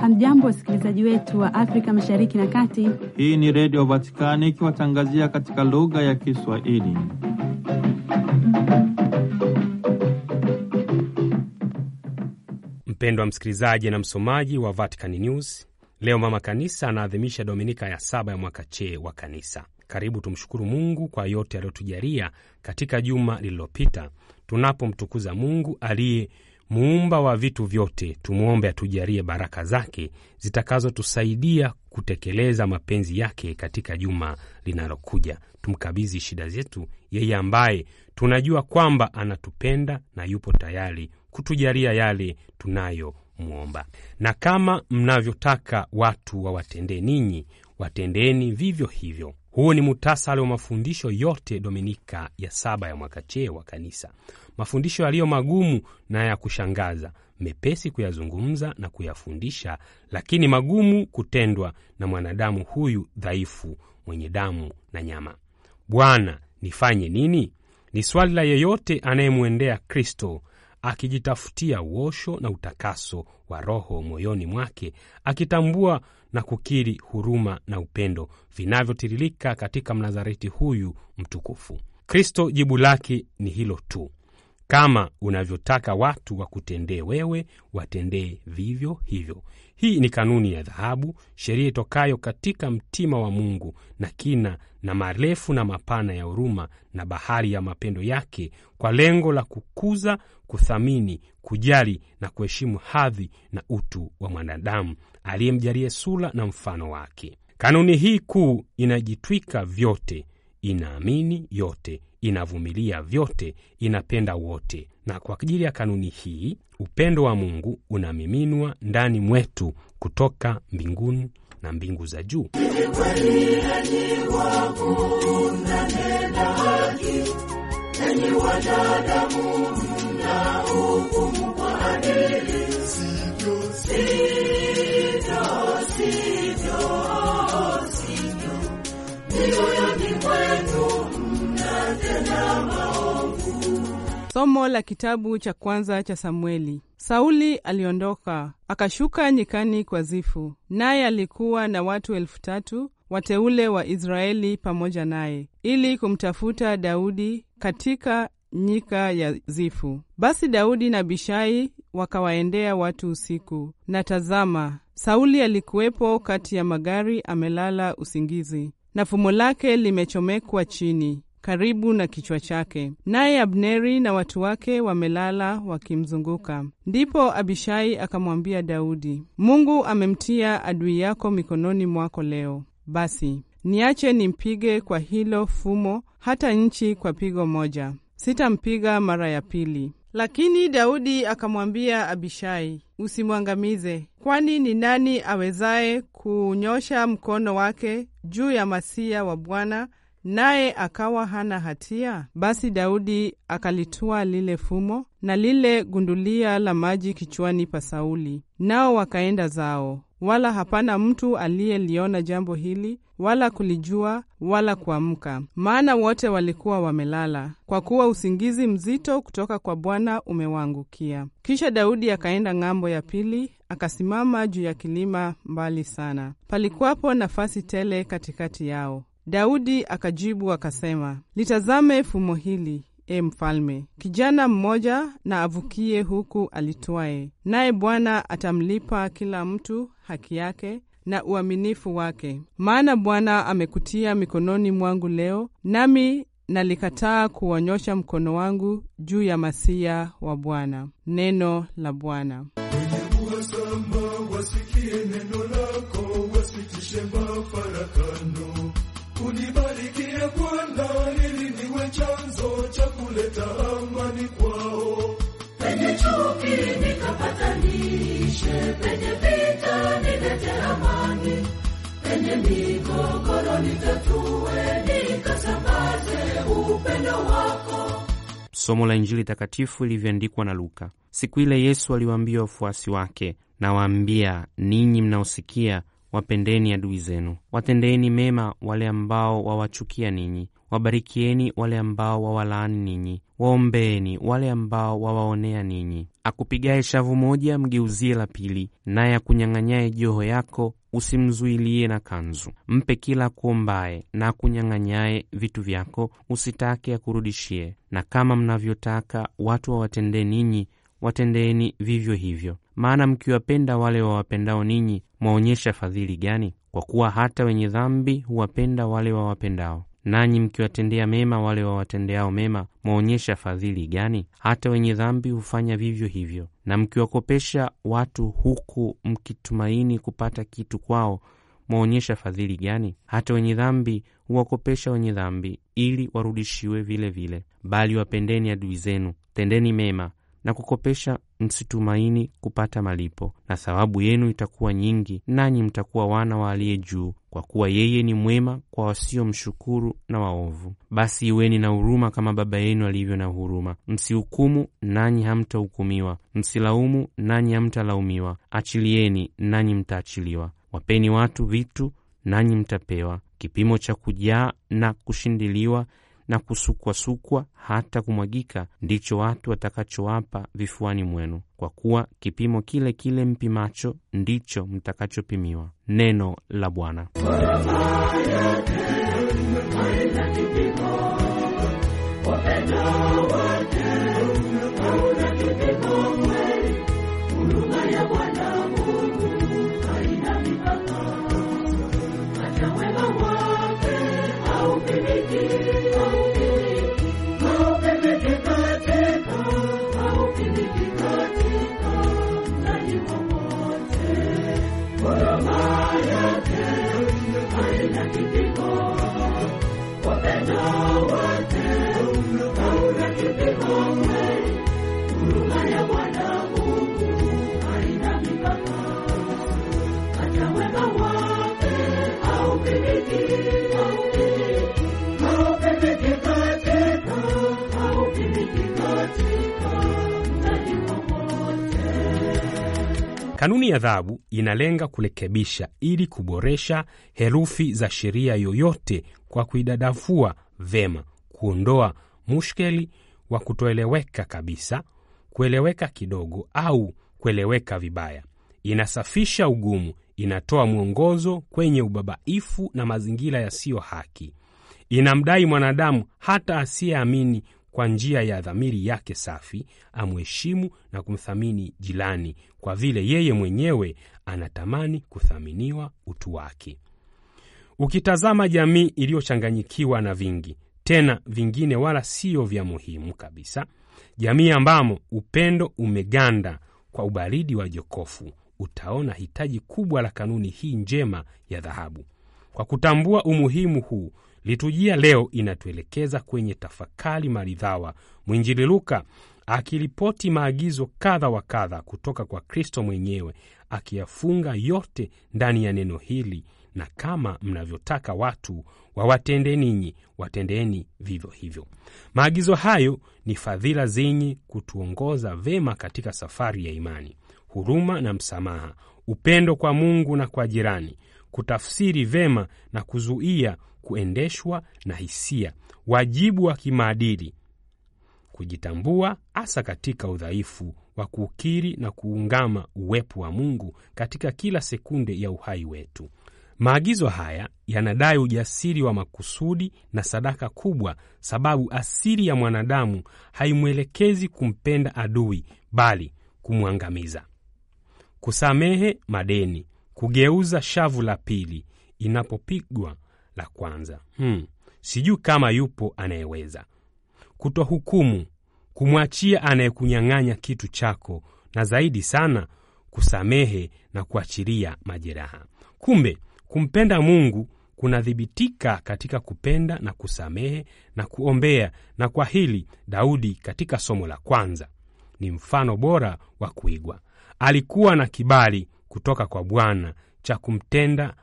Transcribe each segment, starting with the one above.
Hamjambo, wasikilizaji wetu wa Afrika mashariki na kati. Hii ni Redio Vatikani ikiwatangazia katika lugha ya Kiswahili. Mm-hmm. Mpendwa msikilizaji na msomaji wa Vatican News, leo Mama Kanisa anaadhimisha dominika ya saba ya mwaka chee wa Kanisa. Karibu tumshukuru Mungu kwa yote aliyotujalia katika juma lililopita tunapomtukuza Mungu aliye muumba wa vitu vyote, tumwombe atujalie baraka zake zitakazotusaidia kutekeleza mapenzi yake katika juma linalokuja. Tumkabidhi shida zetu yeye ambaye tunajua kwamba anatupenda na yupo tayari kutujalia yale tunayomwomba. Na kama mnavyotaka watu wawatendee ninyi, watendeeni vivyo hivyo. Huu ni mutasari wa mafundisho yote Dominika ya saba ya mwaka C wa Kanisa, mafundisho yaliyo magumu na ya kushangaza, mepesi kuyazungumza na kuyafundisha, lakini magumu kutendwa na mwanadamu huyu dhaifu, mwenye damu na nyama. Bwana, nifanye nini? Ni swali la yeyote anayemwendea Kristo akijitafutia uosho na utakaso wa roho moyoni mwake, akitambua na kukiri huruma na upendo vinavyotiririka katika Mnazareti huyu mtukufu. Kristo jibu lake ni hilo tu: kama unavyotaka watu wakutendee wewe, watendee vivyo hivyo. Hii ni kanuni ya dhahabu, sheria itokayo katika mtima wa Mungu na kina na marefu na mapana ya huruma na bahari ya mapendo yake, kwa lengo la kukuza kuthamini, kujali na kuheshimu hadhi na utu wa mwanadamu aliyemjalia sura na mfano wake. Kanuni hii kuu inajitwika vyote, inaamini yote, inavumilia vyote, inapenda wote. Na kwa ajili ya kanuni hii, upendo wa Mungu unamiminwa ndani mwetu kutoka mbinguni na mbingu za juu. Somo la kitabu cha kwanza cha Samueli. Sauli aliondoka akashuka nyikani kwa Zifu, naye alikuwa na watu elfu tatu wateule wa Israeli pamoja naye, ili kumtafuta Daudi katika nyika ya Zifu. Basi Daudi na Bishai wakawaendea watu usiku, na tazama, Sauli alikuwepo kati ya magari, amelala usingizi, na fumo lake limechomekwa chini karibu na kichwa chake, naye Abneri na watu wake wamelala wakimzunguka. Ndipo Abishai akamwambia Daudi, Mungu amemtia adui yako mikononi mwako leo, basi niache nimpige kwa hilo fumo, hata nchi kwa pigo moja sitampiga mara ya pili. Lakini Daudi akamwambia Abishai, usimwangamize, kwani ni nani awezaye kunyosha mkono wake juu ya masiya wa Bwana naye akawa hana hatia? Basi Daudi akalitua lile fumo na lile gundulia la maji kichwani pa Sauli, nao wakaenda zao, wala hapana mtu aliyeliona jambo hili wala kulijua wala kuamka, maana wote walikuwa wamelala, kwa kuwa usingizi mzito kutoka kwa Bwana umewaangukia. Kisha Daudi akaenda ng'ambo ya pili, akasimama juu ya kilima mbali sana, palikuwapo nafasi tele katikati yao. Daudi akajibu akasema, litazame fumo hili E mfalme, kijana mmoja na avukie huku alitwaye, naye Bwana atamlipa kila mtu haki yake na uaminifu wake, maana Bwana amekutia mikononi mwangu leo, nami nalikataa kuonyosha mkono wangu juu ya masia wa Bwana. Neno la Bwana. Wenye uhasama wasikie neno lako, wasitishe mafarakano. Unibarikie Bwana, ili niwe chanzo cha kuleta amani kwao chuki nikapatanishe, penye vita nilete amani, penye migogoro nitatue, nikasambaze upendo wako. Somo la Injili takatifu ilivyoandikwa na Luka. Siku ile Yesu aliwaambia wafuasi wake, nawaambia ninyi mnaosikia, wapendeni adui zenu, watendeni mema wale ambao wawachukia ninyi Wabarikieni wale ambao wawalaani ninyi, waombeeni wale ambao wawaonea ninyi. Akupigaye shavu moja mgeuzie la pili, naye akunyang'anyaye joho yako usimzuilie na kanzu. Mpe kila akuombaye, na akunyang'anyaye vitu vyako usitake akurudishie. Na kama mnavyotaka watu wawatendee ninyi, watendeeni vivyo hivyo. Maana mkiwapenda wale wawapendao ninyi, mwaonyesha fadhili gani? Kwa kuwa hata wenye dhambi huwapenda wale wawapendao nanyi mkiwatendea mema wale wawatendeao mema mwaonyesha fadhili gani? Hata wenye dhambi hufanya vivyo hivyo. Na mkiwakopesha watu huku mkitumaini kupata kitu kwao mwaonyesha fadhili gani? Hata wenye dhambi huwakopesha wenye dhambi ili warudishiwe vilevile Bali wapendeni adui zenu, tendeni mema na kukopesha, msitumaini kupata malipo, na thawabu yenu itakuwa nyingi, nanyi mtakuwa wana wa aliye juu, kwa kuwa yeye ni mwema kwa wasiomshukuru na waovu. Basi iweni na huruma kama Baba yenu alivyo na huruma. Msihukumu, nanyi hamtahukumiwa; msilaumu, nanyi hamtalaumiwa. Achilieni, nanyi mtaachiliwa. Wapeni watu vitu, nanyi mtapewa; kipimo cha kujaa na kushindiliwa na kusukwasukwa hata kumwagika, ndicho watu watakachowapa vifuani mwenu, kwa kuwa kipimo kile kile mpimacho ndicho mtakachopimiwa. Neno la Bwana. Kanuni ya adhabu inalenga kurekebisha ili kuboresha herufi za sheria yoyote kwa kuidadafua vema, kuondoa mushkeli wa kutoeleweka kabisa, kueleweka kidogo au kueleweka vibaya. Inasafisha ugumu, inatoa mwongozo kwenye ubabaifu na mazingira yasiyo haki. Inamdai mwanadamu hata asiyeamini kwa njia ya dhamiri yake safi amheshimu na kumthamini jirani kwa vile yeye mwenyewe anatamani kuthaminiwa utu wake. Ukitazama jamii iliyochanganyikiwa na vingi tena vingine wala siyo vya muhimu kabisa, jamii ambamo upendo umeganda kwa ubaridi wa jokofu, utaona hitaji kubwa la kanuni hii njema ya dhahabu. Kwa kutambua umuhimu huu, liturujia leo inatuelekeza kwenye tafakari maridhawa. Mwinjili Luka akiripoti maagizo kadha wa kadha kutoka kwa Kristo mwenyewe, akiyafunga yote ndani ya neno hili: na kama mnavyotaka watu wawatende ninyi, watendeni vivyo hivyo. Maagizo hayo ni fadhila zenye kutuongoza vema katika safari ya imani: huruma na msamaha, upendo kwa Mungu na kwa jirani, kutafsiri vema na kuzuia kuendeshwa na hisia, wajibu wa kimaadili kujitambua, hasa katika udhaifu wa kuukiri na kuungama uwepo wa Mungu katika kila sekunde ya uhai wetu. Maagizo haya yanadai ujasiri wa makusudi na sadaka kubwa, sababu asili ya mwanadamu haimwelekezi kumpenda adui, bali kumwangamiza. Kusamehe madeni, kugeuza shavu la pili inapopigwa la kwanza. Hmm, sijui kama yupo anayeweza kutohukumu, kumwachia anayekunyang'anya kitu chako, na zaidi sana kusamehe na kuachilia majeraha. Kumbe kumpenda Mungu kunathibitika katika kupenda na kusamehe na kuombea, na kwa hili Daudi katika somo la kwanza ni mfano bora wa kuigwa. Alikuwa na kibali kutoka kwa Bwana cha kumtenda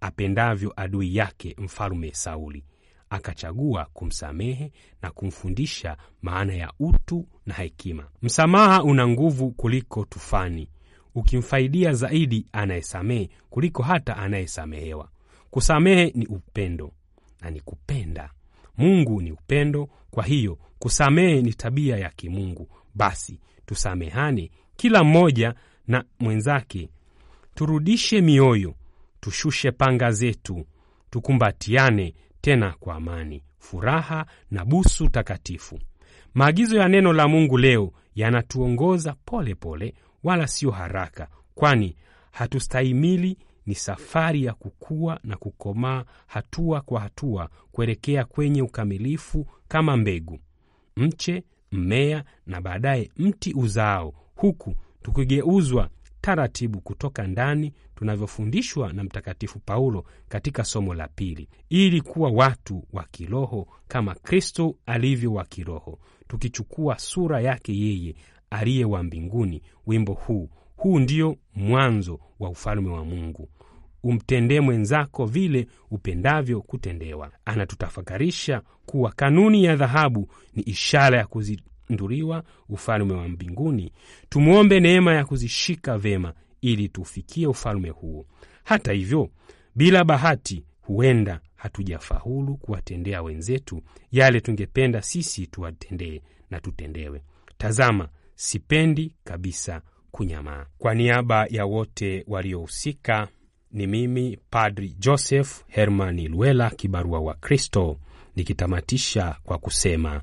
apendavyo adui yake Mfalume Sauli akachagua kumsamehe na kumfundisha maana ya utu na hekima. Msamaha una nguvu kuliko tufani, ukimfaidia zaidi anayesamehe kuliko hata anayesamehewa. Kusamehe ni upendo na ni kupenda. Mungu ni upendo, kwa hiyo kusamehe ni tabia ya kimungu. Basi tusamehane kila mmoja na mwenzake, turudishe mioyo, tushushe panga zetu, tukumbatiane tena kwa amani, furaha na busu takatifu. Maagizo ya neno la Mungu leo yanatuongoza pole pole, wala sio haraka, kwani hatustahimili. Ni safari ya kukua na kukomaa, hatua kwa hatua, kuelekea kwenye ukamilifu, kama mbegu, mche, mmea na baadaye mti uzao huku tukigeuzwa taratibu kutoka ndani tunavyofundishwa na Mtakatifu Paulo katika somo la pili, ili kuwa watu wa kiroho kama Kristo alivyo wa kiroho, tukichukua sura yake yeye aliye wa mbinguni. Wimbo huu huu ndio mwanzo wa ufalme wa Mungu. Umtendee mwenzako vile upendavyo kutendewa. Anatutafakarisha kuwa kanuni ya dhahabu ni ishara ya kuzi, kuzinduliwa ufalme wa mbinguni, tumwombe neema ya kuzishika vema ili tufikie ufalme huo. Hata hivyo, bila bahati, huenda hatujafaulu kuwatendea wenzetu yale tungependa sisi tuwatendee na tutendewe. Tazama, sipendi kabisa kunyamaa. Kwa niaba ya wote waliohusika, ni mimi Padri Joseph Hermani Luela, kibarua wa Kristo, nikitamatisha kwa kusema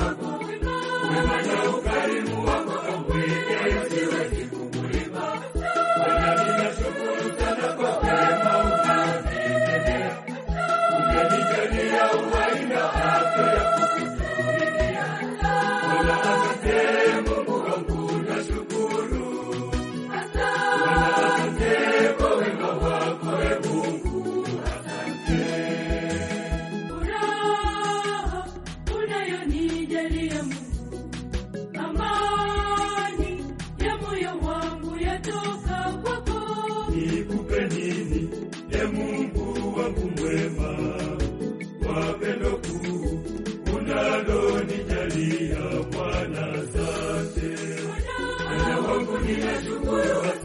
Baba, Baba, Baba, Yeah,